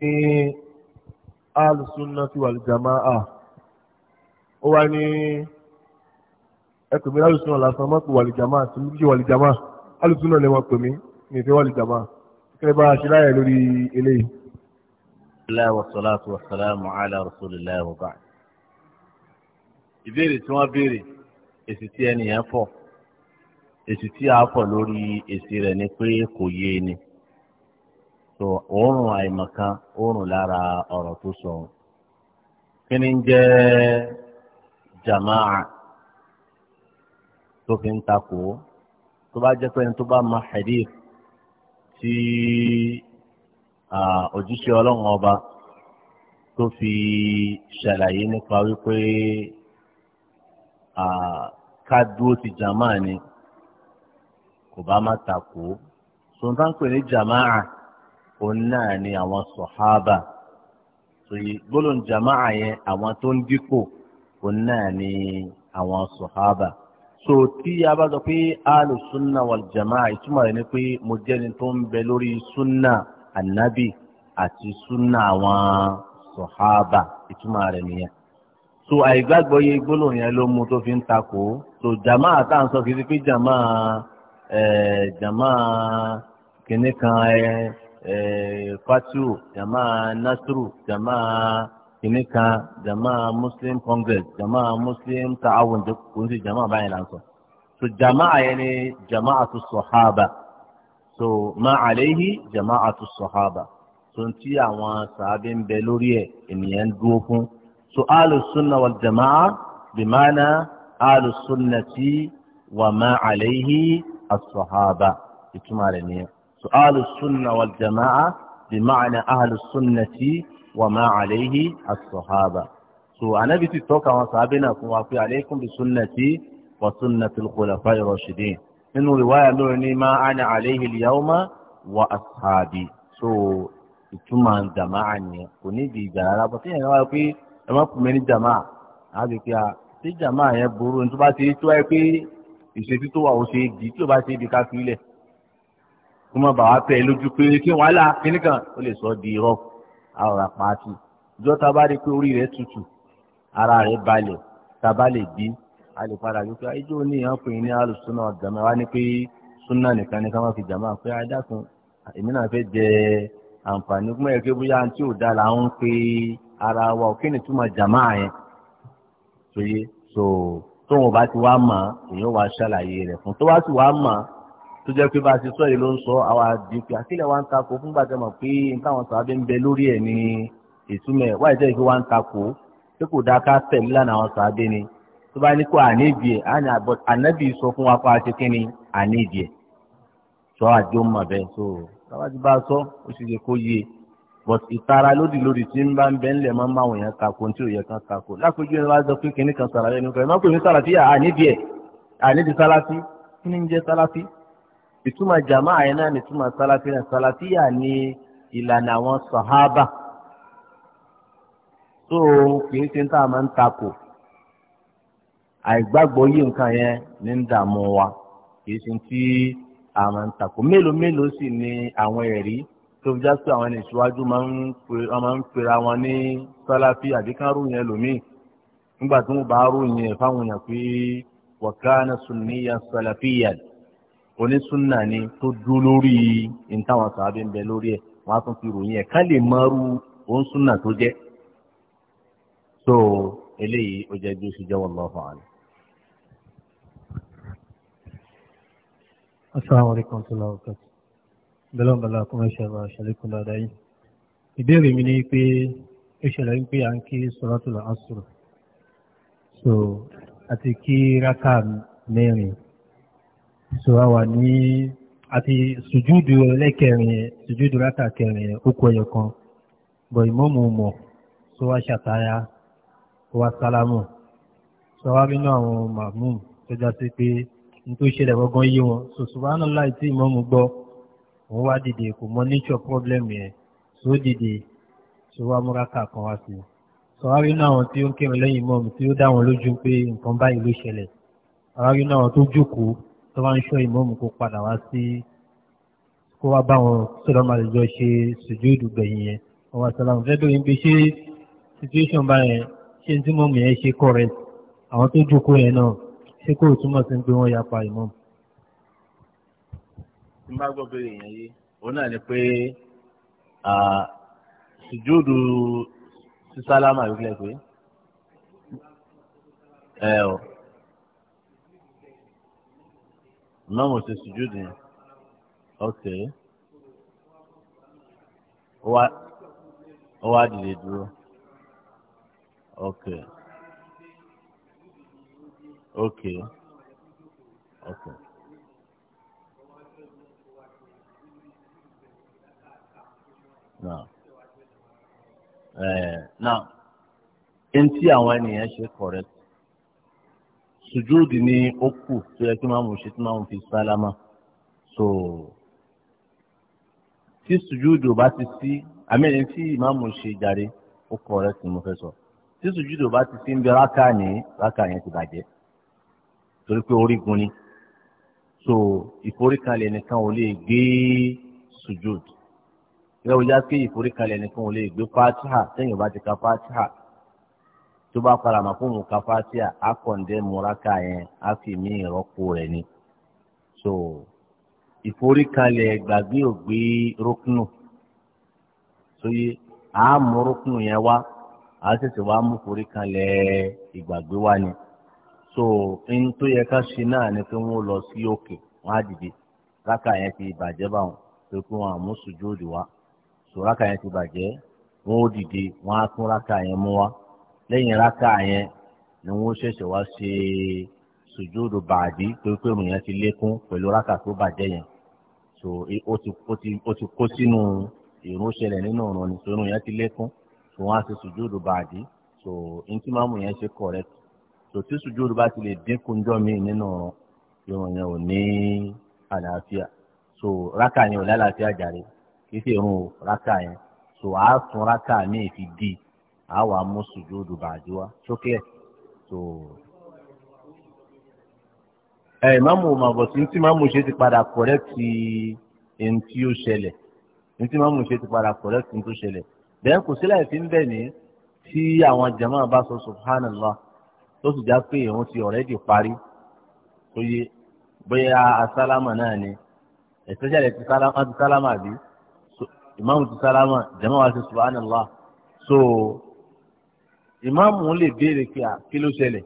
ní alùsùnà ti wà lùjàmá à ó wá ní ẹkùnmí alùsùnà lásán má pè wà lùjàmá àti méjì wà lùjàmá alùsùnà ni wọn pè mí ní ìfẹ́ wà lùjàmá kílẹ̀ bá a ṣe láyẹ̀ lórí eléyìí. alhamdulilayi wa salatu wa salamu ala rasulillahi wa ba'd. ìbéèrè tí wọ́n béèrè èsì tí ẹnìyẹn fọ̀ èsì tí a fọ̀ lórí èsì rẹ̀ ni pé kò yé ni. so òórùn àìmọ̀kan oorun lára ọ̀rọ̀ tó sọ kí ni jẹ́ jamaa tó fi ń takò tó bá jẹ́ pé ẹni tó bá ma hadith tí òjíṣẹ́ ọlọ́run ọba tó fi ṣàlàyé nípa wípé ká dúró ti jamaa ni kò bá má takò so n tá ń pè ní jamaa. òun náà ni àwọn sọ̀hábà sòyí gbólóhùn jàmáà yẹn àwọn tó ń dípò òun náà ni àwọn sọ̀hábà so tí a bá sọ pé alu sunna wal jàmáà ìtumọ̀ rẹ̀ ni pé mo jẹ́ni tó ń bẹ lórí sunna anabi àti sunna àwọn sọ̀hábà ìtumọ̀ rẹ̀ nìyẹn so àìgbàgbọ́ yẹ gbólóhùn yẹn ló mú tó fi ń takò so jàmáà tá à ń sọ kìí pé jàmáà ẹ̀ jàmáà kìnnìkan ẹ̀. Eh, fatihu jamaa nasiru jamaa kìnìkan jamaa muslim congress jamaa muslim ta'awun kò sí jamaa báyìí là so jamaa yẹn ni jamaa tu so ma àléhi jamaa tu sọ̀hábà so ti àwọn sàábì ń bẹ lórí ẹ̀ ènìyàn ń so alu sunna wal jamaa bimaana alu sunnati wa ma àléhi asọ̀hábà ìtumọ̀ rẹ̀ سؤال السنة والجماعة بمعنى أهل السنة وما عليه الصحابة سو أنا بيتي توكا وصحابنا وفي عليكم بسنتي وسنة الخلفاء الراشدين إنه رواية لوني ما أنا عليه اليوم وأصحابي سو ثم jàmáà ni kò ní di ìjà rárá bọ́ tíyẹn wáyé pé ẹ má fún mi ní jàmáà á lè pe à tí jàmáà yẹn burú ní tó kó má bàa pẹ́ lójú pé kí wàhálà kíní kan ó lè sọ di irọ́ àrà pàtì ìjọ ta bá rí i pé orí rẹ̀ tutù ara rẹ̀ balẹ̀ ta bá lè bí a lè padà wípé ẹjọ́ ní ìyá pé ní alùsùnà ọ̀gàmẹ́ wa ní pé súnà nìkan ní ká má fi jàmá pé adákun èmi náà fẹ́ jẹ àǹfààní gbọ́n ẹ̀kẹ́ bóyá tí ò dára ń pe ara wa ò kí ni túmọ̀ jàmá yẹn tó yé so tóun bá ti wá mọ̀ èèyàn wá ṣàlàyé rẹ̀ fún tó bá sì wá mọ̀ tó jẹ́ pé bá a ti sọ yìí ló ń sọ àwọn àdìpẹ́ àkílẹ̀ wa ń takò fúngbà tẹ́ mọ̀ pé nǹkan àwọn sàbẹ̀ ń bẹ lórí ẹ̀ ní ìtumẹ̀ wáyé jẹ́ ìfi wa ń takò pé kò dáa ká tẹ̀lé lánàá àwọn sàbẹ̀ ni tó bá ní kó àníbi ànábì sọ fún wa pa ṣe kínní àníbi sọ àjọ mọ̀ bẹ́ẹ̀ so bàbá ti bá a sọ ó sì ṣe kó yé but ìtara lódì lódì tí ń bá ń bẹ ńlẹ̀ máa ń máwọn èèyàn kakò tí ò kan kakò lápèjú ẹni wá sọ pé kínní sàlàyé nìkan ẹ má pè mí sàlàfíà àníbi àníbi sàlàfí kí ni ń jẹ sàlàfí ìtumọ̀ jamaa yẹn náà ni ìtumọ̀ sálàfíà sálàfíà ni ìlànà àwọn sàhábà tó kìí ṣe tá a máa ń takò àìgbàgbọ́ yìí nǹkan yẹn ní ń dààmú wa kìí ṣe tí a máa ń takò mélòó mélòó sì ni àwọn ẹ̀rí tó fi já sí àwọn ẹni ìṣíwájú máa ń pera wọn ní sálàfíà àbí kan ròyìn nígbà tí wọ́n bá ròyìn ẹ̀ fáwọn èèyàn pé wa kana sunniyan salafiyyan onísúnà ni tó dúró lórí ìtàwọn sàábé ń bẹ lórí ẹ̀ wọ́n á tún fi ròyìn ẹ̀ ká lè mọ́rú onísúnà tó jẹ́ so eléyìí ó jẹ́ bí ó ṣe jẹ́ wallahu a'lam. asalaamu alaykum ṣe lọ́wọ́ kẹ́tù bẹ́lẹ̀ ọ̀bẹ̀lẹ̀ ọkùnrin ṣe lọ ṣàlékún dáadáa yìí ìbéèrè mi ni pé ó ń pé à ń kí sọ́látùl asr so àti kí rákà mẹ́rin so a wà ní àti sùjúdù ẹlẹ́kẹrin sùjúdù rákà kẹrin okò ẹyọ kan bọ̀ ìmọ̀mù mọ̀ so wá ṣàtàyà wá sálámù so wá nínú àwọn màmú tó já sí pé n tó ṣẹlẹ̀ gbọ́ngàn yé wọn so subhanallah tí ìmọ̀mù gbọ́ òun wá dìde kò mọ nature problem yẹn so dìde so wá múra kà kan wá sí i sọ̀rọ̀ náà àwọn tí ó ń kírun lẹ́yìn mọ́ọ̀mù tí ó dá wọn lójú pé nǹkan báyìí ló ṣẹlẹ̀ sọ̀rọ̀ náà àwọn tó jókòó tó bá ń ṣọ́ ìmọ̀ọ́mù kó padà wá sí kó wá báwọn sọ́dọ̀ máa jọ ṣe sùjúdù gbẹ̀yìn yẹn wọ́n wá sọ́dọ̀ fẹ́ dóyún pé ṣé situation báyẹn ṣé tí mọ̀ọ́mù yẹn ṣe correct àwọn tó jókòó yẹn náà ṣé kó o túmọ̀ sí pé wọ́n yapa ìmọ̀ọ́mù. tí n gbọ́ bẹ́ẹ̀ yẹn yé òun náà ni pé sùjúdù sísálámà yóò fi lẹ́ pé ẹ ọ́ ìmáàmù ṣe sùjúdù yẹn okay ó wá dìde dúró okay okay okay. náà ẹ̀ náà ntí àwọn ènìyàn ṣe correct sùjúùdì ni ó kù tó yẹ kí máàmù ṣe tí máàmù fi sálámà so tí sùjúùdì ò bá ti sí àmẹ́rin tí ìmáàmù ṣe jàre ó kọ rẹ sí mo fẹ́ sọ tí sùjúùdì ò bá ti sí ń bẹ rákà ní rákà yẹn ti bàjẹ́ torí pé orígun ni so ìforíkalẹ̀ nìkan ò lè gbé sùjúùdì yẹ́wò yá pé ìforíkalẹ̀ nìkan ò lè gbé fatiha sẹ́yìn ò bá ti ka fatiha. tó bá padà máa fún òun ká fásíà á kọ̀ǹdé yẹn á fi mí rẹ̀ ni. so ìforíkalẹ̀ gbàgbé ògbé tó sóyè a mú rókùnù yẹn wá a tètè wá mú ìforíkalẹ̀ ìgbàgbé wá ni. so n tó yẹ ká ṣe náà lọ sí òkè wọ́n á dìde yẹn ti bàjẹ́ pé kí wọ́n wá so yẹn ti bàjẹ́ lẹ́yìn raka yẹn ni wọ́n ṣẹ̀ṣẹ̀ wá ṣe sùjúdù bàdí torí pé òun yẹn ti lékún pẹ̀lú rákà tó bàjẹ́ yẹn so ó ti ó ti ó ti kó sínú ìrun ṣẹlẹ̀ nínú ọ̀run ni so irun yẹn ti lékún so wọ́n á ṣe sùjúdù bàdí so ntímáàmù yẹn ṣe correct so tí sùjúdù bá ti lè dínkù ńjọ́ míì nínú ọ̀run yẹn ò ní àlàáfíà so raka yẹn ò lálàáfíà jàre kí sì irun rákà yẹn so àá raka rákà míì fi dì í a wà mú sùjúdù bàdí wa sókè tó. ẹ ìmáàmù màbọ̀tí tí màmù ṣe ti padà kọ̀rẹ́tì ẹni tí ó ṣẹlẹ̀ ẹni tí màmù ṣe ti padà kọ̀rẹ́tì ẹni tó ṣẹlẹ̀ bẹ́ẹ̀ kò sílẹ̀ fi ń bẹ̀ ní tí àwọn jama bá sọ subhanallah tó sì já pé òun ti already parí tó yé bóyá asálámà náà ni especially ti sálámà ti sálámà bí ìmáàmù ti sálámà jama wa ti subhanallah so ìmáàmù lè béèrè pé à kí ló ṣẹlẹ̀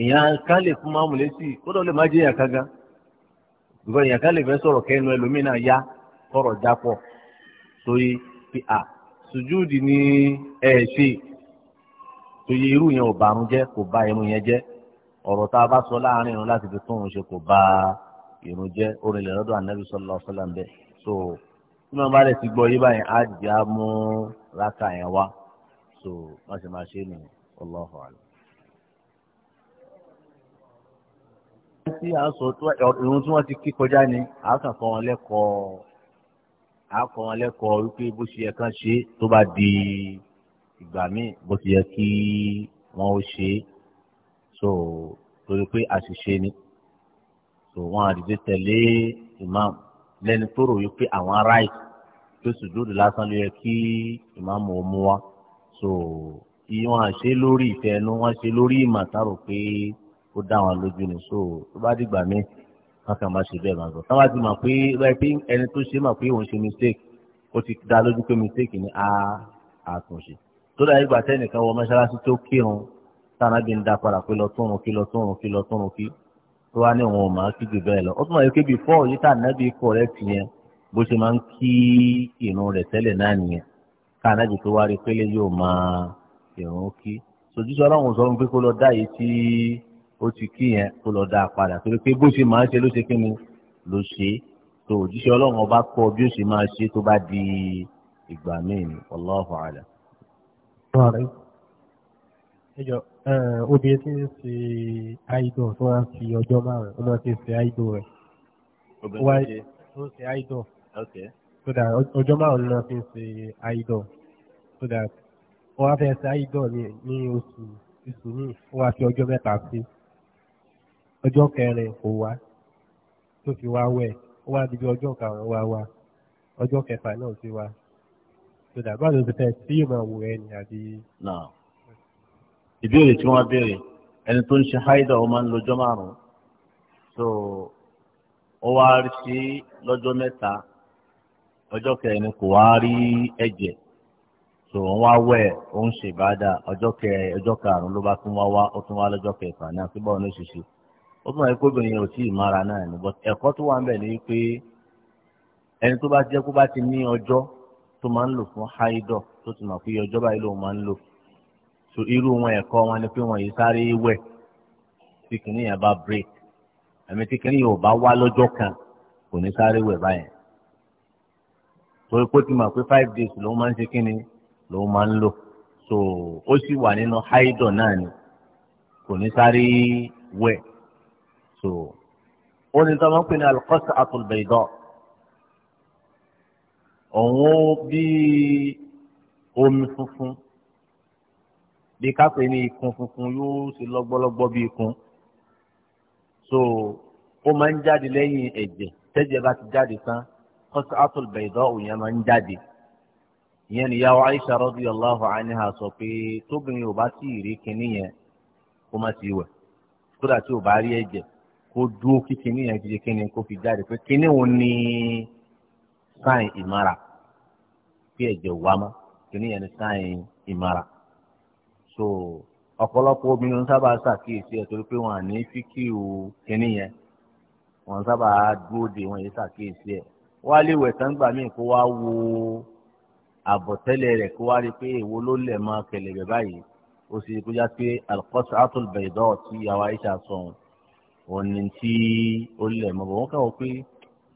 èèyàn kan lè fún máàmù létí kódà lè má jẹ́ èèyàn kankan bùkọ́ èèyàn kan lè fẹ́ sọ̀rọ̀ kẹ́nu ẹlòmínà yá kọ̀rọ̀ jápọ̀ torí pé à sùjúùdì ni ẹ ṣe torí irú yẹn ò bàrún jẹ́ kò bá irun yẹn jẹ́ ọ̀rọ̀ tá a bá sọ láàrin irun láti fi tún òun ṣe kò bá irun jẹ́ orin lè lọ́dọ̀ ànábì sọ́lá ọ̀sọ́lá ń bẹ̀ so tí wọ́n bá lè ti gbọ́ yí báyìí á jẹ́ mú rákà yẹn wá so wọ́n sì máa ṣe nìyẹn Allahu alam. tí a sọ ìrun tí wọ́n ti kí kọjá ni a kàn kọ́ wọn lẹ́kọ̀ọ́ a kọ́ wọn lẹ́kọ̀ọ́ wípé bó ṣe yẹ kán ṣe tó bá di ìgbà míì bó ṣe yẹ kí wọ́n ó ṣe so torí pé àṣìṣe ni so wọ́n àdìdé tẹ̀lé imam lẹ́ni tó rò wípé àwọn aráàlú tó sì dúró lásán ló yẹ kí imam ò mú wa so ìwọ̀n àṣẹ lórí ìfẹ́nu wọ́n ṣe lórí ìmọ̀ àtàrò pé ó dá wọn lójú ni so tó bá dìgbà mí wọn kàn máa ṣe bẹ́ẹ̀ máa sọ táwọn ti mọ̀ pé pé ẹni tó ṣe mọ̀ pé òun ṣe mistake ó ti dá lójú pé mistake ni a àtúnṣe tó dà ìgbà tẹ́nìkan wọ mọ́ṣáláṣí tó kírun táwọn àbí ń dá padà pé lọ tún un kí lọ tún un kí lọ tún un kí tó wá ní òun ò máa kí jù bẹ́ẹ̀ lọ ó tún mọ̀ yìí pé before yìí tà nábì correct yẹn bó ṣe máa ń kí ìrun rẹ̀ tẹ́lẹ̀ náà nìyẹn káànájì tó wá rí pélé yóò máa ìrún kí sojúṣe ọlọ́run sọ fún pé kó lọ dá yìí tí ó ti kí yẹn kó lọ dá a padà torí pé bó ṣe máa ń ṣe ló ṣe kí ni ló ṣe é tó òjíṣẹ́ ọlọ́run ọba kọ bí ó ṣe máa ṣe tó bá di ìgbà míì ni Allahu a'lam. ẹjọ obìnrin tí ń ṣe àìdọ̀ tó wá ń fi ọjọ́ márùn-ún ọmọ tí ń ṣe àìdọ̀ rẹ̀ ó wá ń ṣe àìdọ̀ so that ọjọ́ márùn-ún náà fi ń ṣe idol so that ó wá fẹ́ ṣe idol ní oṣù oṣù míì ó wá fi ọjọ́ mẹ́ta sí ọjọ́ kẹrin kò wá tó fi wá wẹ̀ ó wá di bí ọjọ́ karùn-ún wá wá ọjọ́ kẹfà náà ti wá so that báwo ló ti fẹ́ tí yóò máa wò ẹ́ ní àbí. ìbéèrè tí wọ́n béèrè ẹni tó ń ṣe haida ó máa ń lọ́jọ́ márùn-ún so ó wá rí sí lọ́jọ́ mẹ́ta ọjọ́ kẹrin kò wá rí ẹ̀jẹ̀ tó ń wá wẹ̀ ó ń ṣèbádà ọjọ́ kẹrin ọjọ́ karùn-ún ló bá tún wá wá ó tún wá lọ́jọ́ kẹfà náà síbọ̀ ní òṣìṣẹ́ ó tún wáyé kóbìnrin yẹn tí ì ẹni tó bá ti ní ọjọ́ tó máa ń lò fún haidọ̀ tó ti mọ̀ pé ọjọ́ báyìí lòun so irú wọn ẹ̀kọ́ wọn ni pé wọn yìí sáré wẹ̀ tí kìnìyàn bá break àmì tí kìnìyàn ò wá lọ́jọ́ kan kò ní sáré torí pé ti mọ̀ pé five days lòun máa ń ṣe kíni lòun máa ń lò so ó sì wà nínú haidọ̀ náà ni kò ní sáré wẹ̀ so ó ní sọ́mọ́ pé ní alukọ́sà àtúlbẹ̀dọ̀ òun bí omi funfun bí kápẹ́ ní ikun funfun yóò ṣe lọ́gbọ́lọ́gbọ́ bí ikun so ó máa ń jáde lẹ́yìn ẹ̀jẹ̀ tẹ́jẹ̀ bá ti jáde tán qas'atul bayda'u yẹn máa ń jáde ìyẹn níyàwó Aisha radiyallahu anha sọ pé tóbìnrin ò bá tí ì rí kinní yẹn kó má ti wẹ̀ kódà tí ò bá rí ẹ̀jẹ̀ kó dúró kí kinní yẹn jíjẹ kinní kó fi jáde pé kinní wo ni sáìn ìmára pé ẹ̀jẹ̀ wà mọ́ kinní yẹn ni sáìn ìmára so ọ̀pọ̀lọpọ̀ obìnrin sábà ṣàkíyèsí ẹ̀ torí pé wọ́n à ní fíkì ò kinní yẹn wọ́n sábà dúró de wọ́n yẹn ṣàkíyèsí ẹ̀ wá lè wẹ̀ tán gbà míì kó wá wo àbọ̀tẹ́lẹ̀ rẹ̀ kó wá rí i pé èwo ló lẹ̀ mọ́ kẹlẹ̀ rẹ̀ báyìí ó sì rí i kó já pé al-qas'atul bayda tí yàrá Aisha sọ̀hún òní tí ó lẹ̀ mọ́ bọ̀ wọ́n kẹ́wọ́ pé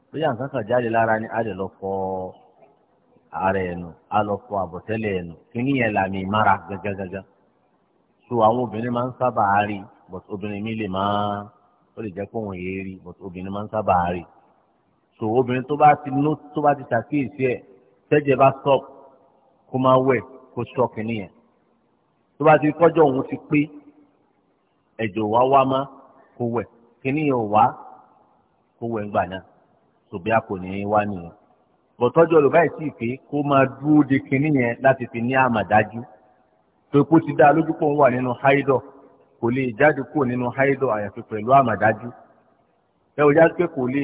bóyá nǹkan kan jáde lára ni a lọ fọ ara ẹ̀ nù a àbọ̀tẹ́lẹ̀ ẹ̀ nù kí níyẹn làmì ìmára gágágágá so àwọn obìnrin máa ń sábà rí but obìnrin mi lè máa ó lè jẹ́ pé òun èé rí but obìnrin máa ń sábà rí so obìnrin tó bá ti nó tó bá ti ṣàkíyèsí ẹ̀ tẹ́jẹ̀ bá stop kó máa wẹ̀ kó ṣọ́ọ̀kì nìyẹn tó bá ti kọjọ́ òun ti pé ẹ̀jọ̀ wá wá má kó wẹ̀ kíní yẹn wá kó wẹ̀ ńgbà náà tòbí a wá nìyẹn bọ̀tọ́jọ́ ló báyìí sì pé kó máa dúró de kíní yẹn láti fi ní àmàdájú tó kó ti dá lójú pọ̀ ń wà nínú háídọ̀ kò lè jáde kúrò nínú háídọ̀ àyàfi pẹ̀lú àmàdájú ẹ ò já pé kò lè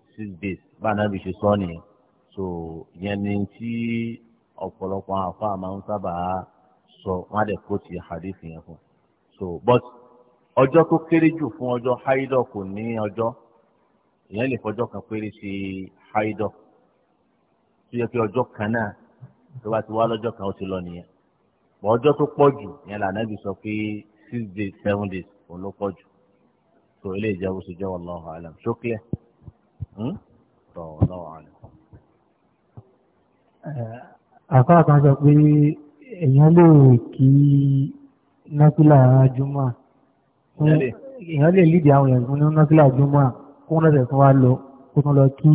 six days báńdà bí ṣe sọ nìyẹn so ìyẹn ni tí ọ̀pọ̀lọpọ̀ àfa máa ń sábà sọ wọn á dẹ̀ kó ti hadith yẹn fún so but ọjọ́ tó kéré jù fún ọjọ́ haidọ̀ kò ní ọjọ́ ìyẹn lè fọjọ́ kan péré ṣe haidọ̀ tó yẹ kí ọjọ́ kan náà tó bá ti wá lọ́jọ́ kan ó ti lọ nìyẹn bọ̀ ọjọ́ tó pọ̀ jù yẹn lànàbì sọ pé six days seven days òun ló pọ̀ jù so eléyìí jẹ́ bó ṣe jẹ́ wallahu alam ṣókè. So, Hmm? Eh, àfáà sọ pé èèyàn lè kí nọ́kílà júmọ́ èèyàn lè lídìí àwọn èèyàn ní nọ́kílà júmọ́ kó wọ́n lọ́sẹ̀ fún wa lọ kó tún lọ kí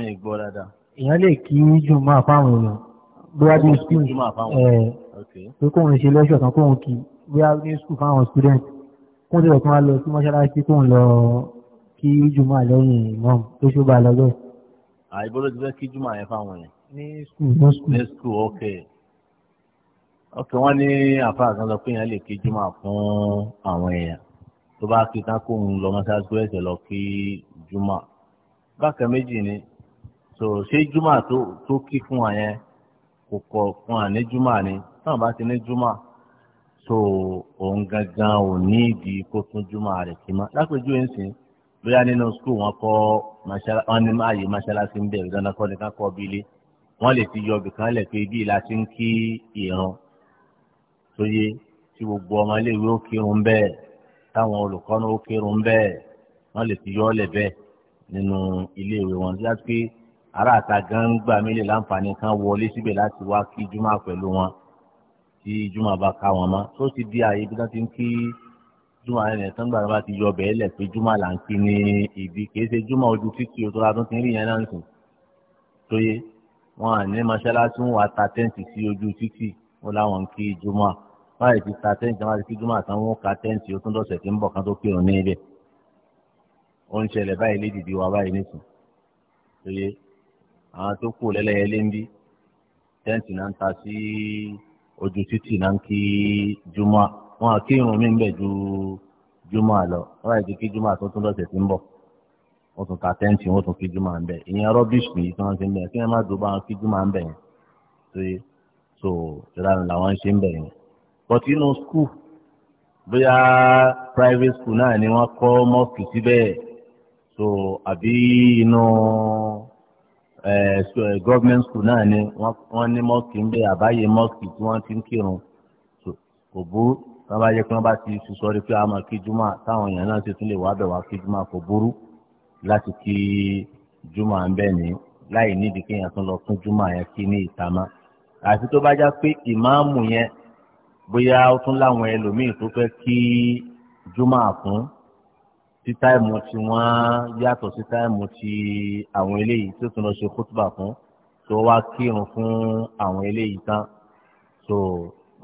èèyàn lè kí júmọ́ àfáwọn èèyàn bóyá bí skul eh, pé kóun ṣe lẹ́ṣọ̀ kan kóun kí bóyá bí fáwọn kí jùmọ̀ lẹ́yìn imam tó ṣó bá lọ́gbẹ̀. àìbó ló ti fẹ́ kí jùmọ̀ yẹn fáwọn yẹn. ní skul ní skul. ní skul ok ok wọ́n ní àfáà kan lọ pé yẹn lè kí jùmọ̀ fún àwọn èèyàn tó bá kí kákó ń lọ mọ́ṣáláṣí ẹ̀sẹ̀ lọ kí jùmọ̀ bákan méjì ni so ṣé jùmọ̀ tó kí fún wa yẹn kò kọ̀ fún wa jùmọ̀ ni táwọn bá ti ní jùmọ̀ so òun gangan ò ní ìdí kó tún jùmọ̀ rẹ̀ kí mọ́ lápèjúwe ń sìn bóyá nínú skul wọn kọ́ wọn ní ààyè mọ́ṣáláṣí ń bẹ̀rẹ̀ dáná kọ́ nìkan kọ́ bí ilé wọ́n lè ti yọ ibìkan lẹ̀ pé bí ìlà ti ń kí ìran tó yé tí gbogbo ọmọ iléèwé ó kírun bẹ́ẹ̀ táwọn olùkọ́ náà ó kírun bẹ́ẹ̀ wọ́n lè ti yọ ọ́ lẹ̀ bẹ́ẹ̀ nínú iléèwé wọn láti pé ará àta gan gbà lè láǹfààní kan wọlé síbẹ̀ láti wá kí jùmọ̀ pẹ̀lú wọn tí jùmọ̀ bá ká wọn mọ́ tó ti di ààyè bí wọ́n ti ń kí ìran júmọ̀ àwọn ènìyàn tán gbàdúrà ti yọ bẹ́ẹ̀ lẹ̀ pé júmọ̀ là ń kí ní ìdí kìí ṣe júmọ̀ ojú títí o tó la tún ti ń rí yẹn náà sùn tó yé wọn à ní mọ́ṣáláṣí ń wà ta tẹ́ǹtì sí ojú títì ó láwọn ń kí júmọ̀ báyìí ti ta tẹ́ǹtì wọn ti kí júmọ̀ àtàwọn wọn ka tẹ́ǹtì o tún dọ̀sẹ̀ tí ń bọ̀ kan tó kírun ní ibẹ̀ ó ń ṣẹlẹ̀ báyìí lédìdí wa báyìí nìsín tó yé àwọn tó kù lẹ́lẹ́yẹlé tẹ́ǹtì náà ń ta sí ojú títì náà ń kí júmọ̀ wọn àti irun mi ń bẹ̀ ju júmọ́ àlọ́ wọn àti kí júmọ́ àtọ́ tún lọ́sẹ̀ tí ń bọ̀ wọ́n tún ta tẹ́ǹtì wọ́n tún kí júmọ́ à ń bẹ̀ ìyẹn rọ́bìṣì nìyí tí wọ́n ti ń bẹ̀ kí wọ́n má dùn bá wọn kí júmọ́ à ń bẹ̀ yẹn tó yẹ so ìlànà làwọn ṣe ń bẹ̀ yẹn but inú skul bóyá private school náà ni wọ́n kọ́ mọ́ọ̀kì síbẹ̀ so àbí inú eh, eh, government school náà ni wọ́n ní mọ́ọ̀kì ń bẹ̀ àbáyé mọ́ọ̀kì tí wọ́n ti ń kírun so kò burú wọn bá yẹ kí wọn bá ti sùsọ pé a máa kí juma táwọn èèyàn náà ti tún lè wá bẹ̀ wá kí juma kò burú láti kí juma ń bẹ̀ ní láì nídìí kí èèyàn tún lọ tún juma yẹn kí ní ìtàmá àti tó bá já pé ìmáàmù yẹn bóyá ó tún láwọn ẹlòmíì tó fẹ́ kí juma fún tí táìmù tí wọ́n yàtọ̀ sí táìmù tí àwọn eléyìí tó tún lọ ṣe kútùbà fún tó wá kírun fún àwọn eléyìí tán tó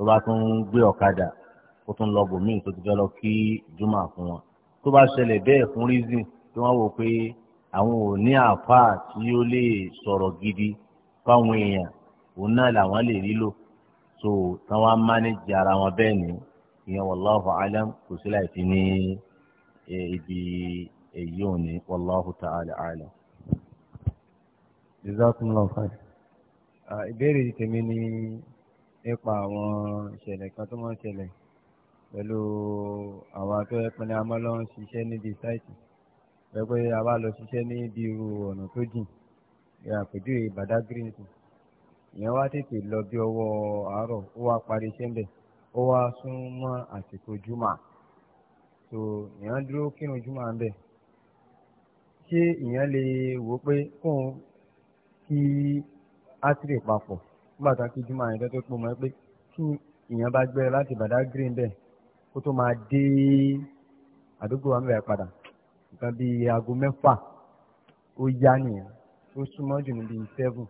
bá tún gbé ọ̀kadà kó tún lọ bòmíì tó ti fẹ́ lọ kí jùmọ̀ fún wọn tó bá ṣẹlẹ̀ bẹ́ẹ̀ fún reason tí wọ́n wò pé àwọn ò ní àáfàá tí ó lè sọ̀rọ̀ gidi fáwọn èèyàn òun náà làwọn lè rí lò so táwọn á mánéjì ara wọn bẹ́ẹ̀ ni ìyẹn wallahu alam kò sí láì fi ní e, ibi èyí ò ní wallahu ta'ala alam. jazakumullahu khair ìbéèrè tèmi ni nípa àwọn ìṣẹ̀lẹ̀ kan tó máa ń ṣẹlẹ̀ pẹ̀lú àwọn tó yẹ pé ní a máa lọ ń ṣiṣẹ́ níbi sáìtì pẹ̀lú pé a bá lọ ṣiṣẹ́ níbi irú ọ̀nà tó jìn àpèjúwe Badagry nìkan ìyẹn wá tètè lọ bí ọwọ́ àárọ̀ ó wá parí iṣẹ́ ń bẹ̀ ó wá sún mọ́ àsìkò jùmọ̀ tó ìyẹn dúró kírun jùmọ̀ ń ṣé ìyẹn lè wò pé kóun kí átìrì papọ̀ nígbà tá a kí jùmọ̀ àyẹ̀dẹ́ tó pọ̀ mọ́ pé kí ìyẹn bá gbẹ́ láti Badagry ń bẹ̀ kó tó máa dé àdúgbò wa mẹ́rẹ̀ padà nǹkan bíi aago mẹ́fà ó yá nìyẹn ó súnmọ́ jù níbi seven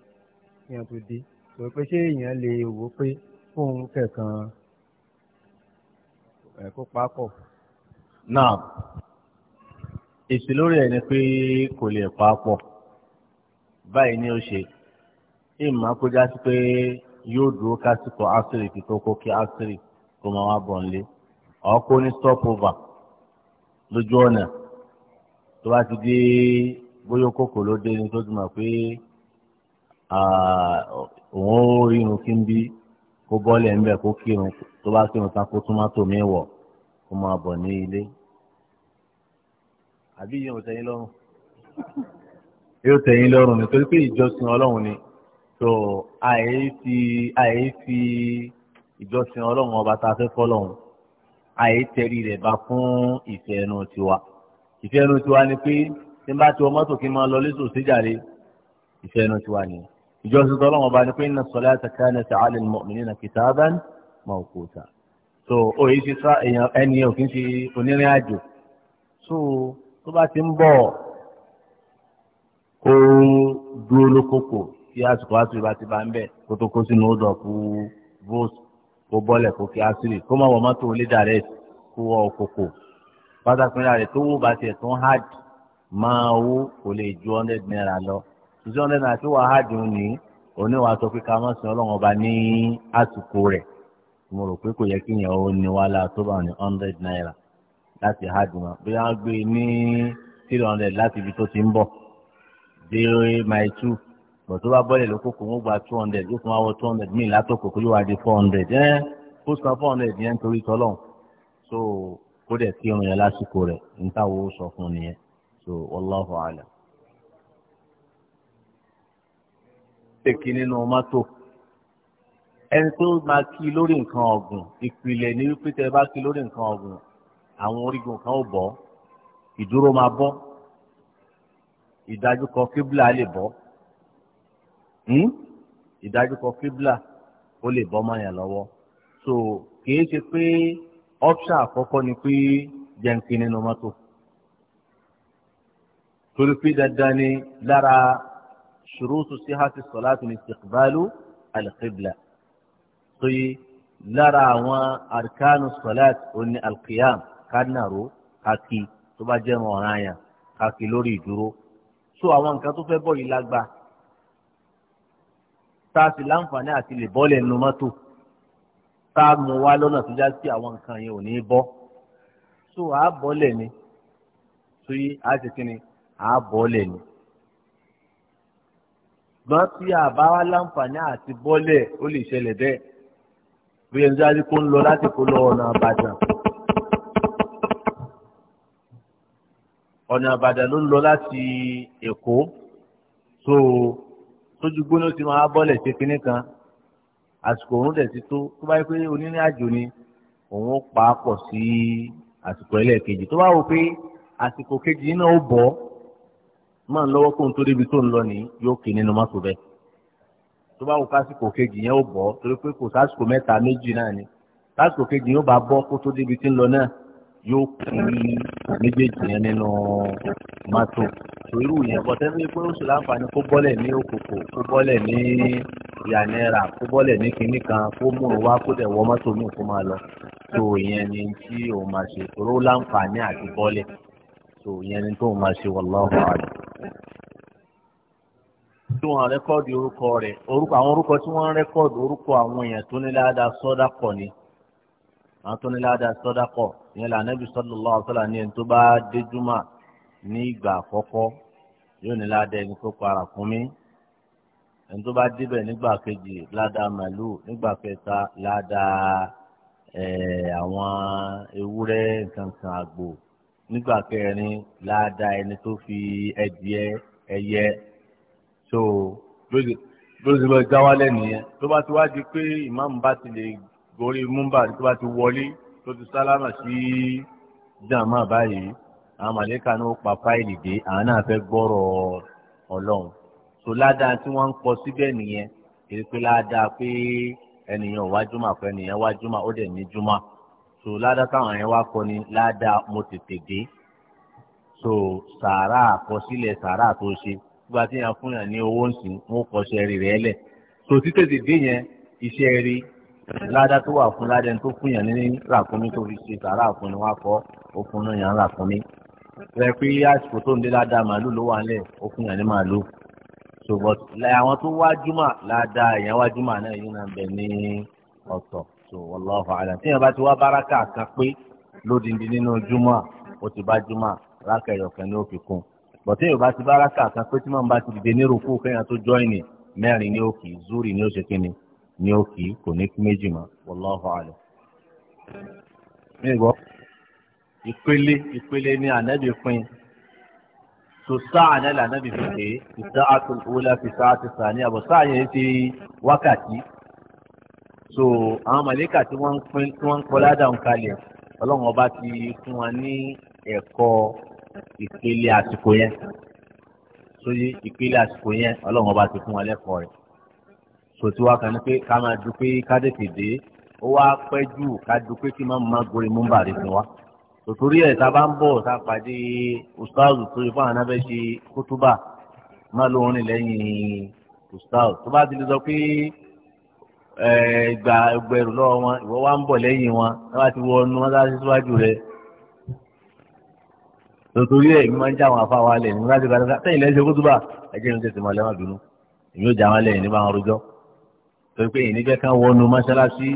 kí wọ́n tó dé sọ pé ṣé èèyàn lè wò pé fóun kẹ̀kan ẹ̀ kó papọ̀. náà èsì lórí ẹ̀ ni pé kò lè papọ̀ báyìí ni ó ṣe ìmọ̀ akójá sí pé yóò dúró kásìkò ásírì kí tó kó kí ásírì kó máa wá bọ̀ nílé ọkọ ní stopover lójú ọ̀nà tó bá ti dé bóyá kókò ló dé ní tó ti mọ̀ pé òun ó rí irun kí n bí kó bọ́ọ̀lẹ̀ ńbẹ̀ kó kírun tó bá kírun tán kó tómátò mi wọ̀ kó máa bọ̀ ní ilé. àbí yóò tẹ̀yìn lọ́rùn yóò tẹ̀yìn lọ́rùn nítorí pé ìjọsìn ọlọ́run ni tó àyè fi àyè fi ìjọsìn ọlọ́run ọba tá a fẹ́ fọ́ lọ́run àìtẹ̀rí rẹ̀ bá fún ìfẹ́ ẹnu tiwa ìfẹ́ ẹnu tiwa ni pé tí n bá ti wọ mọ́tò kí n máa lọ lẹ́sọ̀ síjàre ìfẹ́ ẹnu tiwa ni ìjọsìn tó lọ́wọ́ bá ní pé inna salata kanat ala al-mu'minina kitaban mawquta so òye ti sá èèyàn ẹni ò kí ń onírìn àjò so tó bá ti ń bọ̀ kó dúró lókòkò tí àsìkò àsìkò ìbá ti bá ń bẹ̀ kó sínú ó dọ̀ fún vóòsì kó bọ́lẹ̀ kó kí asiri kó má wọ mọ́tò olè direct kó wọ òkòkò pátákìnrin rẹ̀ tó wó bá tiẹ̀ tún máa wó kò lè ju hundred naira lọ two hundred naira tí wàá hard ń ní oníwà sọ pé ká má sin ọlọ́run ọba ní àsìkò rẹ̀ mo rò pé kò yẹ kí ìyàwó ní wàhálà tó bá ní hundred naira láti hard wọn bí wọ́n gbé ní three hundred láti ibi tó ti ń bọ̀ dé mile two bọ̀ tó bá bọ́lẹ̀ ló kókò wọ́n gba two hundred yóò tún wá wọ two hundred míì látọ̀kọ̀ kó yóò wá di four hundred ẹ́ kó san four hundred yẹn torí tọ́lọ̀ so kó dẹ̀ kí irun yẹn lásìkò rẹ̀ níta wo sọ fún nìyẹn so wallahu alam. pèkì nínú mọ́tò ẹni tó máa kí lórí nǹkan ọ̀gùn ìpìlẹ̀ ní wípé tẹ bá kí lórí nǹkan ọ̀gùn àwọn orígun kan ò bọ́ ìdúró máa bọ́ ìdájú kọ lè bọ́ Hmm? ìdájúkọ kíbla ó lè bọ́ mọ́ yẹn lọ́wọ́ so kìí ṣe pé option àkọ́kọ́ ni pé jẹ́ǹkì nínú mọ́tò torí pé dandan ni lára ṣurutu sihati salati ni istiqbalu alqibla so yìí lára àwọn arkanu salati oní alqiyam kánàró kàkì tó bá jẹ́ ọ̀ràn àyàn kàkì lórí ìdúró so àwọn nǹkan tó fẹ́ bọ̀ yìí lágbàá tá a sì láǹfààní àti lè bọ́lẹ̀ nínú mọ́tò tá a mú wá lọ́nà tó já sí àwọn nǹkan yẹn ò ní bọ́ so àá bọ́lẹ̀ ni so yí àá ṣe kí ni a bọ́lẹ̀ ni gbọ́n tí àbá wa láǹfààní àti bọ́lẹ̀ ó lè ṣẹlẹ̀ bẹ́ẹ̀ bí ẹni tó yára kó ń lọ láti kó lọ ọ̀nà àbàdàn ọ̀nà àbàdàn ló ń lọ láti èkó so tójú gbóná ti máa bọ́lẹ̀ ṣe kinní kan àsìkò òun dẹ̀ ti tó tó bá yẹ pé onírìn àjò ni òun ó pa á pọ̀ sí àsìkò ẹlẹ́ẹ̀kejì tó bá wò pé àsìkò kejì náà ó bọ̀ máa ń lọ́wọ́ kó n tó débi tó ń lọ nìyí yóò kí nínú mọ́tò bẹ́ẹ̀ tó bá wò kásìkò kejì yẹn ó bọ̀ torí pé kò sásìkò mẹ́ta méjì náà ni kásìkò kejì yẹn bá bọ́ kó tó débi tí ń lọ náà yóò kú méjèèjì yẹn nínú mọ́tò irú yẹn bọ́tẹ́sí pé oṣù láǹfààní kó bọ́lẹ̀ ní òkòkò kó bọ́lẹ̀ ní yanera kó bọ́lẹ̀ ní kinní kan kó mú un wá kó dẹ̀ wọ mọ́tò míì kó máa lọ tó yẹn ni tí òun máa ṣe ìṣòro láǹfààní àti bọ́lẹ̀ tó yẹn ni tó máa ṣe wallahu a'lam. tí wọ́n rẹ́kọ́ọ̀dì orúkọ rẹ̀ orúkọ àwọn orúkọ tí wọ́n rẹ́kọ́ọ̀dì orúkọ àwọn èèyàn tó ní ládàá sọ́dákọ̀ ni àwọn tó ní ládàá sọ́dákọ̀ ìyẹn la nẹ́bí sallallahu alaihi wasallam ní ẹni tó bá dé júmọ̀ ní ìgbà àkọ́kọ́ yóò ní ládàá ẹni tó para fún mi ẹni tó bá débẹ̀ nígbà kejì ládàá màálù nígbà kẹta ládàá àwọn ewúrẹ́ nǹkankan àgbò nígbà kẹrin ládàá ẹni tó fi ẹdìẹ ẹyẹ tó lóde lóde lọ nìyẹn tó bá ti wá di pé ìmáàmù bá ti lè gorí múmbà tó bá ti wọlé tó ti sálámà sí jàmá báyìí àwọn màlẹ́kà náà pa fáìlì dé àwọn náà fẹ́ gbọ́rọ̀ ọlọ́run tó ládàá tí wọ́n ń kọ síbẹ̀ nìyẹn kìí pé ládàá pé ẹnìyàn wá jùmọ̀ àpẹ́ ẹnìyàn wá jùmọ̀ ó dẹ̀ ní jùmọ̀ tó ládàá táwọn yẹn wá kọ ni ládàá mo tètè dé so sàárà àkọsílẹ̀ sàárà tó ṣe gbogbo àti yàn fún yàn ní owó ńsìn wọn kọ ṣẹ́ẹ̀rì rẹ̀ lẹ̀ so títètè dé yẹn iṣẹ́ rí ládá tó wà fún ládẹni tó fún yàn ní ràkúnmí tó fi ṣe sàrà fún ni wọn kọ ó fún náà yàn ràkúnmí rẹ pé àsìkò tó ń dé ládá màálù ló wà nílẹ̀ ó fún yàn ní màálù ṣùgbọ́n àwọn tó wá júmọ̀ ládá èèyàn wá júmọ̀ náà yìí náà bẹ̀ ní ọ̀tọ̀ tó wallahu alam tí yàn bá ti wá báràkà kan pé lódìndín nínú júmọ̀ ó ti bá júmọ̀ rákà ẹ̀yọ̀kan ní òkè kún bọ̀tí yóò bá ti báràkà kan pé tí màá bá ti dìde ní rúkú kẹ́yàn ní òkì kò ní kí méjì mọ́ wallahu alam. nígbọ́ ìpele ìpele ni ànábì pín tó sáà náà lànàbì fi pé ìsá àtúnwólá fi sáà ti sàn ní àbọ̀ sáà yẹn ti wákàtí so àwọn màlíkà tí wọ́n ń pín tí wọ́n ń kọ́ ládàá ń kalẹ̀ ọlọ́run ọba ti fún wa ní ẹ̀kọ́ ìpele àsìkò yẹn sóyè ìpele àsìkò yẹn ọlọ́run ọba ti fún wa lẹ́kọ̀ọ́ rẹ̀ kò sí wa kan ní pé ká máa dúpẹ́ ká tètè dé ó wá pẹ́ jù ká dúpẹ́ kí máa máa gorí múmbà rẹ̀ fún wa. tòtòrí ẹ̀ tá a bá ń bọ̀ tá a pàdé ustaazu tó yẹ fún àwọn abẹ́ ṣe kútúbà má ló rìn lẹ́yìn ustaazu tó bá ti lè sọ pé gba ẹgbẹ̀rún lọ́wọ́ wọn ìwọ wa ń bọ̀ lẹ́yìn wọn tá a ti wọ ọnu wọn tá a ti síwájú rẹ̀ tòtòrí ẹ̀ mi máa ń já àwọn afáwa lẹ̀ nígbà tí a ti bá tẹ̀yìn lẹ́sẹ̀ kútúbà tètè mọ̀ lẹ́wọ̀n dùnú èmi ò já wọn lẹ́yìn nígbà wọn rojọ́ torí pé èyí níjẹ́ kan wọnú mọ́ṣáláṣí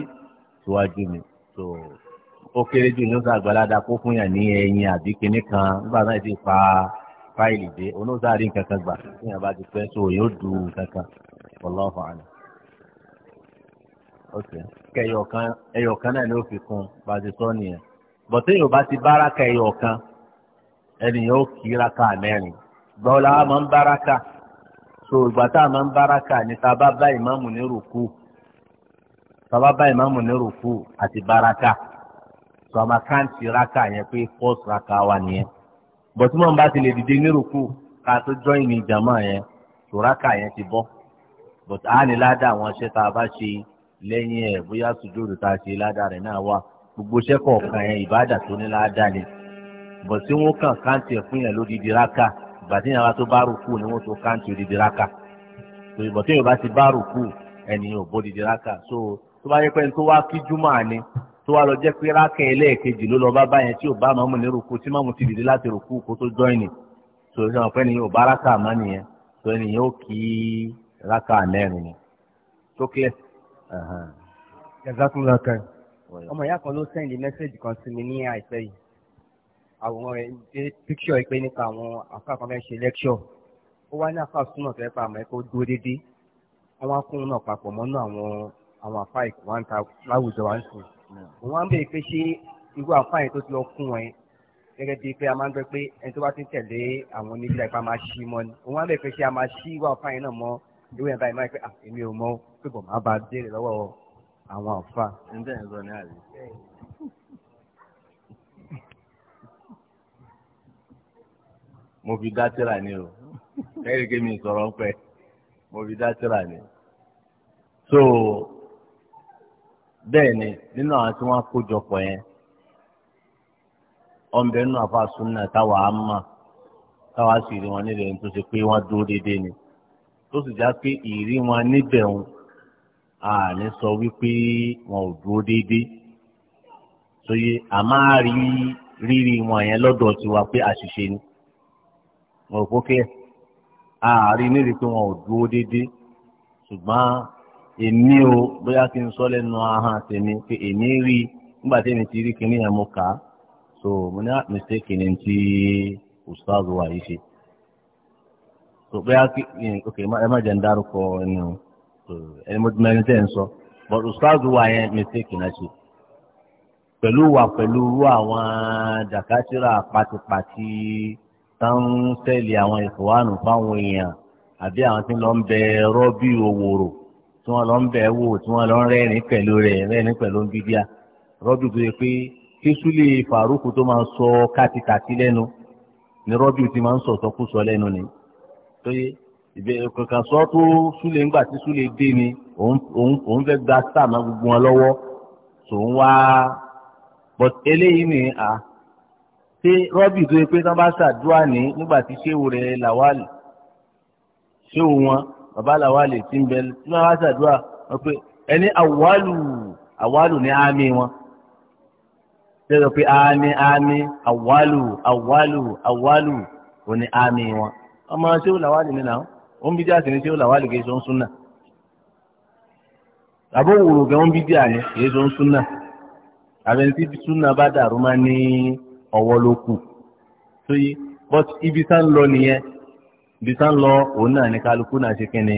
síwájú mi tó ó kéré jù ló sàgbàládà kó fún yàn ní ẹyin àbí kinní kan nígbà náà ti fa fáìlì dé onóòsàárì nǹkan kan gbà fún yàn bá ti pẹ́ so yóò du nǹkan kan ọlọ́ọ̀fà àná. kẹyọ̀kan ẹyọ̀kan náà ni ó fi kún bá ti sọ nìyẹn bọ̀tẹ́ yóò bá ti bára kẹyọ̀kan ẹnìyàn ó kí raka mẹ́rin gbọ́dọ̀ máa ń bára ká so ìgbà tá a máa ń báraka ni tá a bá bá ìmáàmù ní rùkú tá a bá bá ìmáàmù ní rùkú àti báraka so àmà káǹtì raka yẹn pé first raka wa nìyẹn bọ̀ tí wọ́n bá ti lè dìde ní rùkú ká tó join ní jàmá yẹn so raka yẹn ti bọ́ but a ní ládàá àwọn iṣẹ́ tá a bá ṣe lẹ́yìn ẹ̀ bóyá sùjúdù tá a ṣe ládàá rẹ̀ náà wà gbogbo iṣẹ́ yẹn ìbádà tó ní ládàá ni bọ̀ tí wọ́n kàn káǹtì ẹ̀ fún yẹn lódìdí raka bàtí yàrá tó bá rùkú ni wọ́n tó káńtì òdìdí ráka ìbọn tí yorùbá ti bá rùkú ẹnìyàn ò bó ráka so tó bá yẹ pé tó wá kí júmọ̀ àní tó wá lọ jẹ́ pé ráka ẹlẹ́ẹ̀kejì ló lọ bá báyẹn tí ò bá màmú ní rùkú tí màmú ti dìde láti rùkú kó tó jọ́ìnì so ìṣàn pé ẹnìyàn ò bá ráka àmọ́ nìyẹn so ẹnìyàn ó kí ráka àmẹ́rin ni tó kílẹ̀. jazakumullah kan ọmọ ìyá kan ló sẹ́ndì àwòrán ẹ píkṣọ ẹ pé nípa àwọn àfáà kan fẹ́ ṣe lẹ́kṣọ̀ ó wá ní àfáà súnmọ̀ fẹ́ pa àmọ́ ẹ kó dúró dédé wọ́n wá kún un náà papọ̀ mọ́nú àwọn àwọn àfáà ìkú wọn ta láwùjọ wa ń sùn òun wá ń bèèrè pé ṣé irú àfáà yẹn tó ti lọ kún wọn gẹ́gẹ́ bíi pé a máa ń gbé pé ẹni tó bá ti ń tẹ̀lé àwọn oníbílà ìpá máa ṣí mọ́ ni òun wá ń bèèrè pé ṣé a máa ṣí irú àfáà yẹn náà mọ́ irú yẹn báyìí máa ń pẹ́ mo fi dá tíra ni o ẹ̀ríkẹ́ mi sọ̀rọ̀ pẹ́ mo fi dá tíra ni. so bẹ́ẹ̀ ni nínú àwọn tí wọ́n kó jọ pọ̀ yẹn ọ̀nbẹ nínú àfa súnà táwa á mà táwa sì rí wọn nílẹ̀ tó ṣe pé wọ́n dúró déédéé ni tó sì já pé ìrí wọn níbẹ̀ ń àní sọ wípé wọn ò dúró déédéé sóye àmọ́ àrí rírì wọn yẹn lọ́dọ̀ tiwa pé àṣìṣe ni. wọn ò pókẹ́ àárín níbi pé wọn ò dúró dédé ṣùgbọ́n èmi o bóyá kí n sọ lẹ́nu ahọ́n tèmi pé èmi rí nígbà tí èmi ti rí kinní yẹn mo kà á so mo ní mistake ni ti ustaz wa yìí ṣe so bóyá kí ok ẹ má jẹ́ ń dárúkọ ẹni o ẹni mo mẹ́rin tẹ́ ń sọ but ustaz wa yẹn mistake náà ṣe pẹ̀lú wa pẹ̀lú irú àwọn dàkátìrà pátipátí. tán ń tẹ̀lé àwọn ìfowánù fáwọn èèyàn àbí àwọn tí lọ ń bẹ rọ́bì òwòrò tí wọ́n lọ ń bẹ̀ wò tí wọ́n lọ ń rẹ́rìn pẹ̀lú rẹ̀ rẹ́rìn pẹ̀lú ń bíbíà rọ́bì tó yẹ pé kísúlẹ̀ fàrúkù tó máa ń sọ kátikàti lẹ́nu ni rọ́bì ti máa ń sọ sọkúsọ lẹ́nu ni tó yẹ kankan sọ tó súlẹ̀ ńgbà tí súlẹ̀ dé ni òun fẹ́ gba sáà má gbogbo wọn lọ́wọ́ tòun wá but eléyìí ni à ṣé rọ́bì tó yẹ pé tán bá ṣàdúrà ní nígbà tí ṣéwù rẹ̀ làwálì ṣéwù wọn bàbá làwálì ti ń bẹ tí wọ́n bá ṣàdúrà wọ́n pé ẹni àwálù àwálù ní àmì wọn lẹ́yìn pé àmì àmì àwálù àwálù àwálù ò ní àmì wọn ọmọ ṣéwù làwálì mi náà ó ń bí díà sí ní ṣéwù làwálì kì í ṣe ń súnà àbó wòrò gan ń bí díà ní kì í ṣe ń súnà àbẹ̀ntì súnà bá dàrú máa ní. ọwọ́ ló kù sóyí but ibi tá ń lọ nìyẹn ibi tá ń lọ òun náà ní kálukú náà ṣe kíni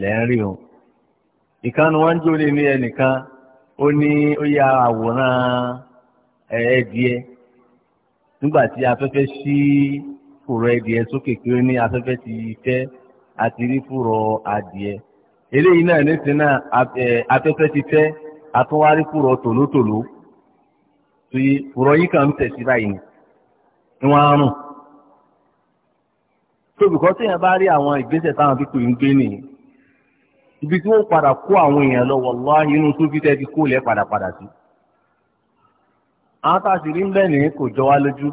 lẹ́ ń rí o ìkànnì wọn ya àwòrán nígbà tí afẹ́fẹ́ sí sókè ó ní afẹ́fẹ́ ti fẹ́ àti rí adìẹ eléyìí náà nísìnyí náà afẹ́fẹ́ ti fẹ́ tó yé ọ̀rọ̀ yìí kàn ń tẹ̀sí báyìí ni wọ́n á rùn. tóbìkọ́ téèyàn bá rí àwọn ìgbésẹ̀ táwọn pípé ń gbé nìyí ibi tí wọ́n padà kó àwọn èèyàn lọ wọ̀lá inú tó fi tẹ́tí kó lẹ́ padà padà sí. àwọn táà rí ń bẹ̀ ní kò jọ wá lójú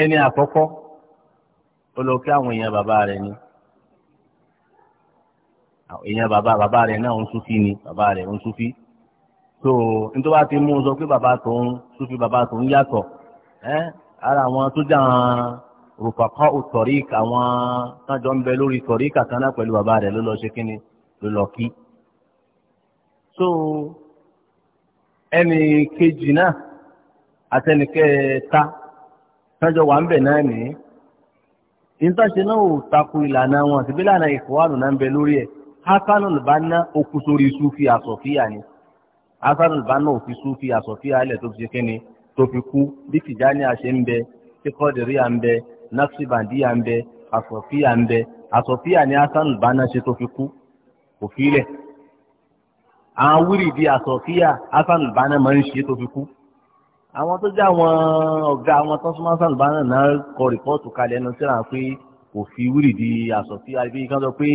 ẹni àkọ́kọ́ ó àwọn èèyàn bàbá rẹ̀ ni èèyàn bàbá bàbá rẹ̀ náà ń súfí ni bàbá rẹ̀ ń súfí so nítorí wàá ti mú un sọ pé bàbá tòun tó fi bàbá tòun yàtọ̀ ara àwọn tó jẹ́ àwọn rùpàkọ́ òtọ̀ríkà àwọn tájọ ń bẹ lórí tọ̀ríkà kan náà pẹ̀lú bàbá rẹ̀ ló lọ ṣe kí ni ló lọ kí. so ẹnì kejì náà àtẹnìkẹta tájọ wà ń bẹ̀ náà nìyí ìtàṣe náà ò takò ìlànà wọn àti bílànà ìfọwọ́nù náà ń bẹ lórí ẹ̀ hasanu lùbánà okùn sórí sufi àsọ̀fíà ni hasan al-banna òfin sufi asọ̀fíà ilẹ̀ tó fi ṣe kíni tó fi kú bí tìjáni àṣẹ ń bẹ tí kọ́dìríà ń bẹ nafsibandiya ń bẹ asọ̀fíà ń bẹ asọ̀fíà ni hasan al-banna ṣe tó fi kú kò fi lẹ̀ àwọn wíìrìdì asọ̀fíà hasan al-banna máa ń ṣe tó fi kú àwọn tó jẹ́ àwọn ọ̀gá àwọn tó súnmọ́ hasan al náà kọ rìpọ́ọ̀tù kalẹ̀ ẹnu síra pé kò fi wíìrìdì asọ̀fíà bí kí wọ́n sọ pé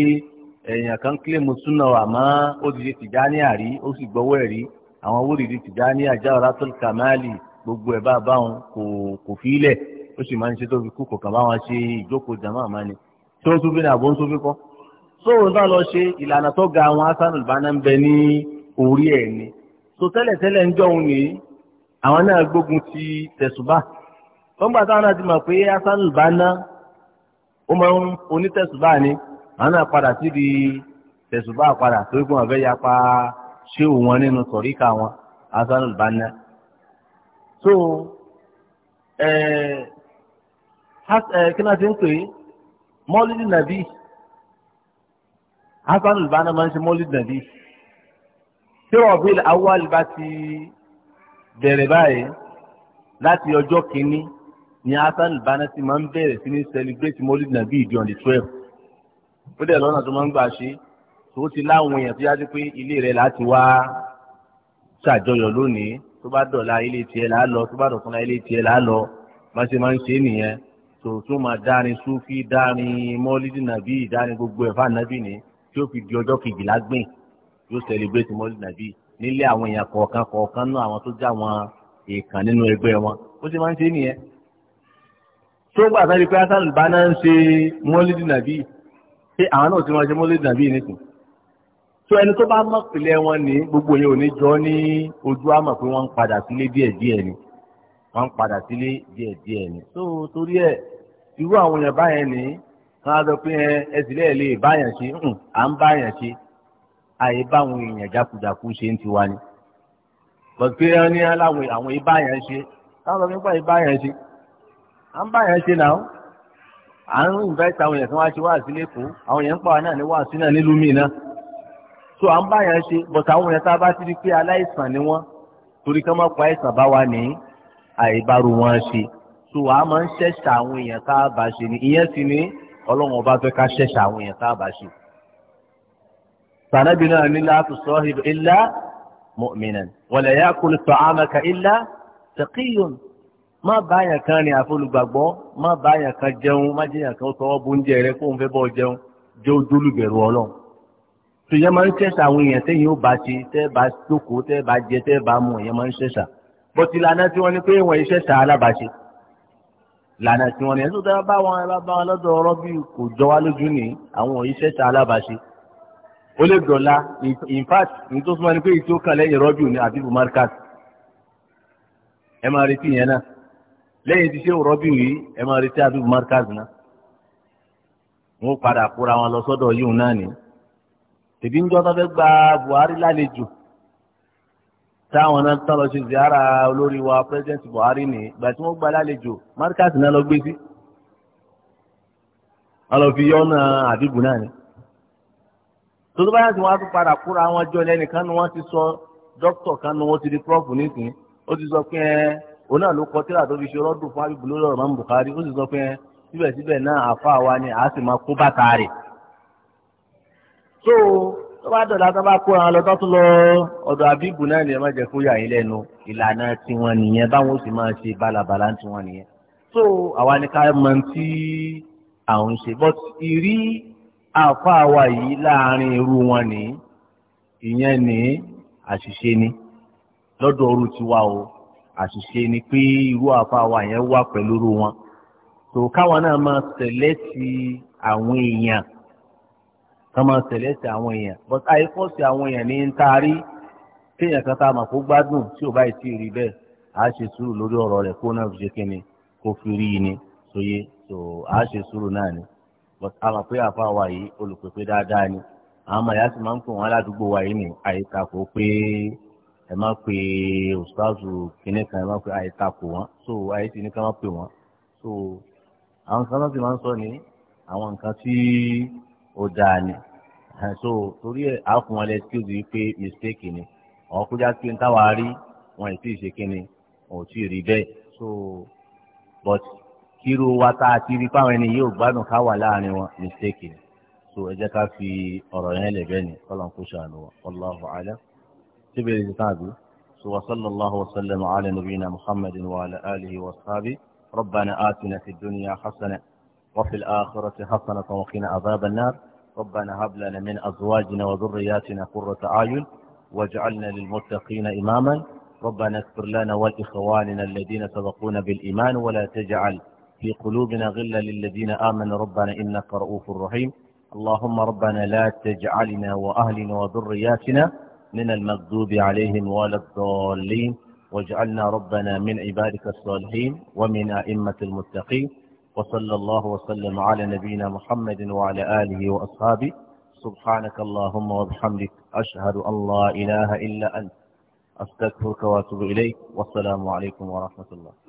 èèyàn kan kílèmù súnà wà mọ́ odidi tìjáni àrí ó sì gbọ́wọ́ ẹ̀rí àwọn wòlídìí tìjáni Jawharatul Kamali gbogbo ẹ̀ bá a báwọn kò kò fi í lẹ̀ ó sì máa ń ṣe tó fi kú kò kàn báwọn ṣe ìjókòó jàmọ́ àmọ́ ni tí ó tún ní àbó ń tún fi kọ́ sóòrùn náà lọ ṣe ìlànà tó ga àwọn Hasanul Banna ń bẹ ní orí ẹ̀ ni so tẹ́lẹ̀tẹ́lẹ̀ ń jọ òun nìyí àwọn náà gbógun ti tẹ̀sùbà àwọn náà padà síbi tẹ̀sùbá padà torí pé wọ́n fẹ́ yapa ṣéwù wọn nínú tọ̀ríkà wọn hasanul banna. so kí náà ti ń pè é mọ́lídìí nàbí hasanul banna máa ń ṣe mọ́lídìí nàbí tí rọ̀bìl awal bá ti bẹ̀rẹ̀ báyìí láti ọjọ́ kìíní ni asanul bana banna ti máa ń bẹ̀rẹ̀ sí ní celebrate mọ́lídìí nàbí ìdí on twelve ó dẹ̀ lọ́nà tó máa ń gbà ṣe tó ti láwọn èèyàn tó yájú pé ilé rẹ̀ láti wá ṣàjọyọ̀ lónìí tó bá dọ̀la ilé tiẹ̀ là á lọ tó bá dọ̀túnla ilé tiẹ̀ là á lọ má ṣe máa ń ṣe nìyẹn tó tó máa dárin súfì dárin mọ́lídì nàbí dárin gbogbo ẹ̀fà nàbí ni tí ó fi di ọjọ́ kejìlá gbìn yóò celebrate mọ́lídì nàbí nílé àwọn èèyàn kọ̀ọ̀kan kọ̀ọ̀kan náà àwọn tó já wọn èèkàn nínú ẹgbẹ́ wọn ó sì máa ń ṣe nìyẹn. tó gbà sáré pé hasan bá náà ń ṣe mọ́lídì nàbí pé àwọn náà ti máa ṣe mọ́lẹ́ dàbí nìkan tó ẹni tó bá mọ̀ pìlẹ̀ wọn ní gbogbo yẹn ò ní jọ ní ojú àmọ̀ pé wọ́n ń padà sílé díẹ̀díẹ̀ ni wọ́n ń padà sílé díẹ̀díẹ̀ ni tó torí ẹ̀ irú àwọn èèyàn báyẹn ní wọ́n á sọ pé ẹsìlẹ̀ lè báyàn ṣe à ń báyàn ṣe àyè báwọn èèyàn jákujàku ṣe ń tiwa ni pọ̀tùkì ẹ ní àwọn ìbáyàn ṣe táwọn ọmọ nípa ìbáyàn ṣe à ń báyàn ṣe náà à ń invite àwọn èèyàn kan wá ṣe wáàsí lẹ́kọ̀ọ́ àwọn èèyàn ń pa wá náà ní wáàsí náà nílùú mi náà so à ń bá yẹn ṣe but àwọn èèyàn tá a bá ti rí pé aláìsàn ni wọ́n torí ká má pa àìsàn bá wa ní àìbárò wọn ṣe so à máa ń ṣẹ̀ṣà àwọn èèyàn tá a bá ṣe ni ìyẹn sì ni ọlọ́run ọba fẹ́ ká ṣẹ̀ṣà àwọn èèyàn tá a bá ṣe. sànàbí náà ní láti sọ illa mu'minan wa la ya'kulu ta'amaka má bá yàn kan rìn àfolùgbàgbọ́ má bá yàn kan jẹun má jẹ́ yàn kan tọwọ́ bóúnjẹ rẹ kó ń fẹ́ bọ́ jẹun jẹ́ ojúlùbẹ̀rù ọlọ́run tó yẹ máa ń ṣẹ̀ṣà àwọn èèyàn tẹ́yìn ó bá ṣe tẹ́ bá jókòó tẹ́ bá jẹ tẹ́ bá mu èèyàn máa ń ṣẹ̀ṣà bọ́tí lànà tí wọ́n ní pé wọ́n ṣẹ̀ṣà alábàáṣe lànà tí wọ́n ní ẹ̀sùn tó bá wọn bá wọn lọ́dọ̀ ọ̀rọ̀ bí kò jọ wá lójú ní àwọn ìṣẹ̀ṣà alábàáṣe ó lè dọ̀la in fact ní tó súnmọ́ ni pé ìtí ó kàn lẹ́yìn rọ́bì ní àbíbù markaz ẹ máa retí yẹn náà lẹ́yìn tí sẹ́wọ̀n rọ́bì yìí ẹ máa retí abibu markaz náà wọ́n padà kóra wọn lọ sọ́dọ̀ yìí náà ni tèbí ń jọ́tọ́ fẹ́ gba Buhari lálejò táwọn náà tán lọ ṣe ziara olórí wa president Buhari ni ìgbà tí wọ́n gba lálejò markaz náà lọ gbé sí wọ́n lọ fi yọ́nà abibu náà ni tòtò báyà tí wọ́n á tún padà kóra wọn jọ lẹ́nìkan ni wọ́n ti sọ dókítà kan ni wọ́n ti di prọ́fù nísìnyí ó ti sọ pé ẹ́ òun náà ló kọ tíra tó fi ṣe rọ́dùn fún abibu lórí ọ̀rọ̀ mọ́mú Bukhari ó sì sọ pé síbẹ̀síbẹ̀ náà àfa wa ni a sì máa kó bàtà rẹ̀. so tó bá dọ̀la tó bá kó àwọn lọ tó tún lọ ọ̀dọ̀ abibu náà ni ẹ má jẹ́ kó yà yín lẹ́nu ìlànà tiwọn nìyẹn báwọn ó sì máa ṣe bálabàlá tiwọn nìyẹn. so àwa ni ká mọ tí àwọn ń ṣe but ìrí àfa wa yìí láàrin irú wọn nìyí ìyẹn ní àṣìṣe ni lọ́dọ̀ ọrú àṣìṣe ni pé irú àfa wa yẹn wà pẹ̀lú irú wọn tó káwọn náà máa tẹ̀lé ti àwọn èèyàn ká máa tẹ̀lé ti àwọn èèyàn but àìfọ́sí àwọn èèyàn ní ń taari téèyàn kan tá a mọ̀ kó gbádùn tí ò bá ti rí bẹ́ẹ̀ á ṣe sùúrù lórí ọ̀rọ̀ rẹ̀ kó náà ṣe kíni kó fi rí i ni sóye tó á ṣe sùúrù náà ni but a mọ̀ pé àfa wa yìí olùpèpè dáadáa ni àwọn ọmọ sì máa ń pè wọ́n aládùúgbò wa yìí ní àyíká kó pé ẹ má pe òṣùpáàzù kìnní kan ẹ má pe àìtakò wọn so ayé ti ní ká má pe wọn so àwọn nǹkan náà ti máa ń sọ ní àwọn nǹkan tí ó dáa ni so torí ẹ á fún wọn lẹ tí pé mistake ni àwọn kójá pé ń táwa rí wọn ì tí ṣe kíni wọn ò tí ì rí bẹ́ẹ̀ so but kíru wa tá a ti rí fáwọn ẹni yóò gbádùn ká wà láàrin wọn mistake ni so ẹ jẹ́ ká fi ọ̀rọ̀ yẹn lẹ̀ ni kọ́lọ́n kó ṣàánú wọn Allahu alam. تبعي الكتابي وصلى الله وسلم على نبينا محمد وعلى آله وأصحابه ربنا آتنا في الدنيا حسنة وفي الآخرة حسنة وقنا عذاب النار ربنا هب لنا من أزواجنا وذرياتنا قرة أعين واجعلنا للمتقين إماما ربنا اغفر لنا ولإخواننا الذين سبقونا بالإيمان ولا تجعل في قلوبنا غلا للذين آمنوا ربنا إنك رؤوف رحيم اللهم ربنا لا تجعلنا وأهلنا وذرياتنا من المغضوب عليهم ولا الضالين واجعلنا ربنا من عبادك الصالحين ومن أئمة المتقين وصلى الله وسلم على نبينا محمد وعلى آله وأصحابه سبحانك اللهم وبحمدك أشهد أن لا إله إلا أنت أستغفرك وأتوب إليك والسلام عليكم ورحمة الله